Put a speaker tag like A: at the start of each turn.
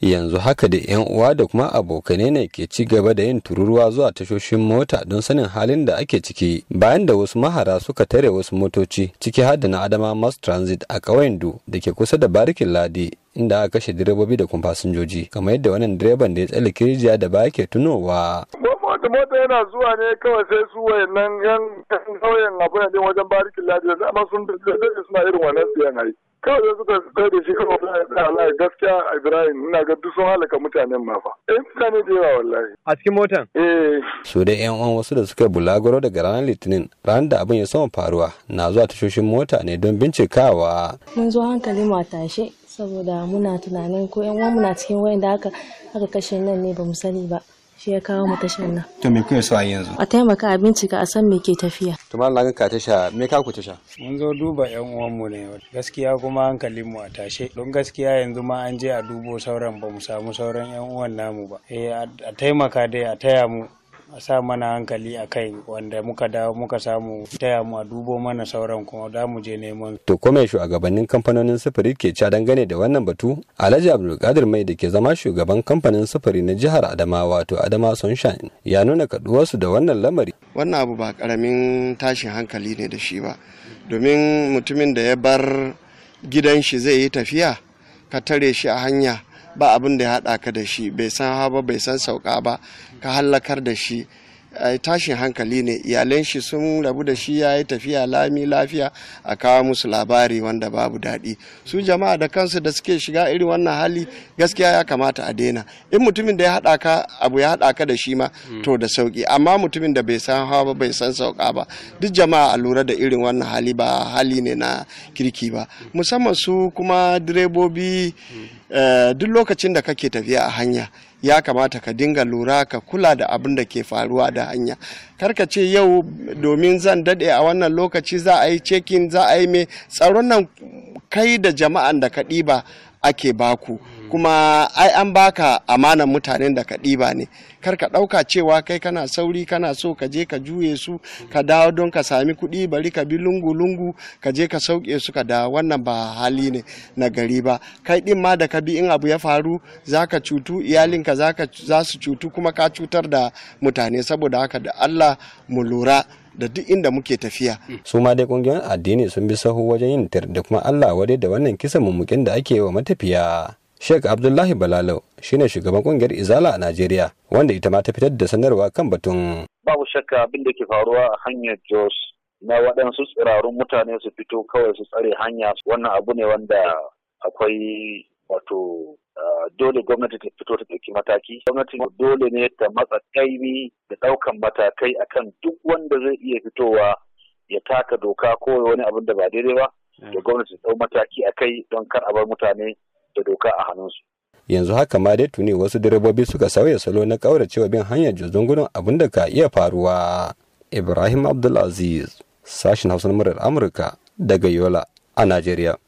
A: yanzu haka da 'yan uwa da kuma abokanai ne ke ci gaba da yin tururuwa zuwa tashoshin mota don sanin halin da ake ciki bayan da wasu mahara suka tare wasu motoci ciki har da na adama mass transit a ƙauyen du da ke kusa da barikin ladi inda aka kashe direbobi da kuma fasinjoji kamar yadda wannan direban da ya tsale kirjiya da ba ke tunowa
B: mota mota yana zuwa ne kawai sai su wayannan yan kauyen ne wajen barikin ladi da dama sun da suna irin wannan siyan ai kawai da suka kai da shi kawai wallahi gaskiya Ibrahim ina ga duk sun halaka mutanen ma fa eh mutane da yawa wallahi a cikin motan eh su da yan uwan
A: wasu da suka bulagaro daga ranar Litinin ranar da abin ya sama faruwa na zuwa tashoshin mota ne don bincikawa mun zo hankali mu tashi saboda muna tunanin ko yan uwan muna cikin wayanda aka aka kashe nan ne bamu sani ba shi ya kawo mu tashar nan. To me kuke so a yanzu? A taimaka a bincika a san me ke tafiya. To ma ka tasha me ka ku tasha? Mun zo duba ƴan uwan mu ne gaskiya kuma hankalin mu a tashe don gaskiya yanzu ma an je a dubo sauran ba mu samu sauran ƴan uwan namu ba. Eh a taimaka dai a taya mu a sa mana hankali a kai wanda muka dawo muka samu taya mu a dubo mana sauran kuma da mu je neman. To kome shugabannin kamfanonin sufuri ke ca dangane da wannan batu? Alhaji Abdulkadir Mai da ke zama shugaban kamfanin sufuri na jihar adama wato Adama Sunshine ya nuna kaduwarsu da wannan
C: lamari. Wannan abu ba karamin tashin hankali ne da shi ba. Domin mutumin da ya bar gidan shi zai yi tafiya ka tare shi a hanya ba abin da ya haɗa ka da shi bai san hawa bai san sauka ba ka hallakar da shi tashin hankali ne iyalan shi sun rabu da shi ya yi tafiya lami lafiya a kawo musu labari wanda babu daɗi su jama'a da kansu da suke shiga irin wannan hali gaskiya ya kamata a daina in mutumin da ya haɗa ka abu ya haɗa ka da shi ma hmm. to da sauki amma mutumin da bai san hawa ba bai san sauka ba duk jama'a a lura da irin wannan hali ba hali ne na kirki ba musamman su kuma direbobi hmm. eh, duk lokacin da kake tafiya a hanya ya kamata ka dinga lura ka kula da abin da ke faruwa da hanya karka ce yau domin zan dade a wannan lokaci za a yi cekin za a yi mai tsaron nan kai da jama'an da ka ɗiba ake baku mm. kuma ai an baka amanan mutanen da ka ɗiba ne kar ka ɗauka cewa kai kana sauri kana so ka je ka juye su ka dawo don ka sami kuɗi bari ka bi lungu-lungu ka je ka sauke su ka dawo wannan ba hali ne na gari ba kai ɗin ma da ka bi in abu ya faru za ka cutu iyalinka za su cutu kuma ka cutar da mutane saboda haka da allah mu lura da duk inda muke tafiya.
A: su ma dai kungiyoyin addini sun bi sahu wajen yin da kuma allah wadai da wannan kisan mummukin da ake wa matafiya. Sheikh Abdullahi Balalau shine shugaban kungiyar Izala a Najeriya wanda ita ma ta fitar da sanarwa kan batun.
B: Babu shakka abin da ke faruwa a hanyar Jos na waɗansu tsirarun mutane su fito kawai su tsare hanya wannan abu ne wanda akwai wato ah, dole gwamnati ta fito ta ɗauki mataki gwamnati dole ne ta matsa kaimi da ɗaukan matakai akan duk wanda zai iya fitowa ya taka doka ko wani abin da ba daidai ba da hmm. gwamnati ta ɗau mataki a kai don kar a bar mutane da doka a hannunsu
A: yanzu haka ma dai tuni wasu direbobi suka sauya salo na cewa bin hanyar jozon abin da ka iya faruwa
B: ibrahim abdulaziz sashin hausa murar amurka daga yola a najeriya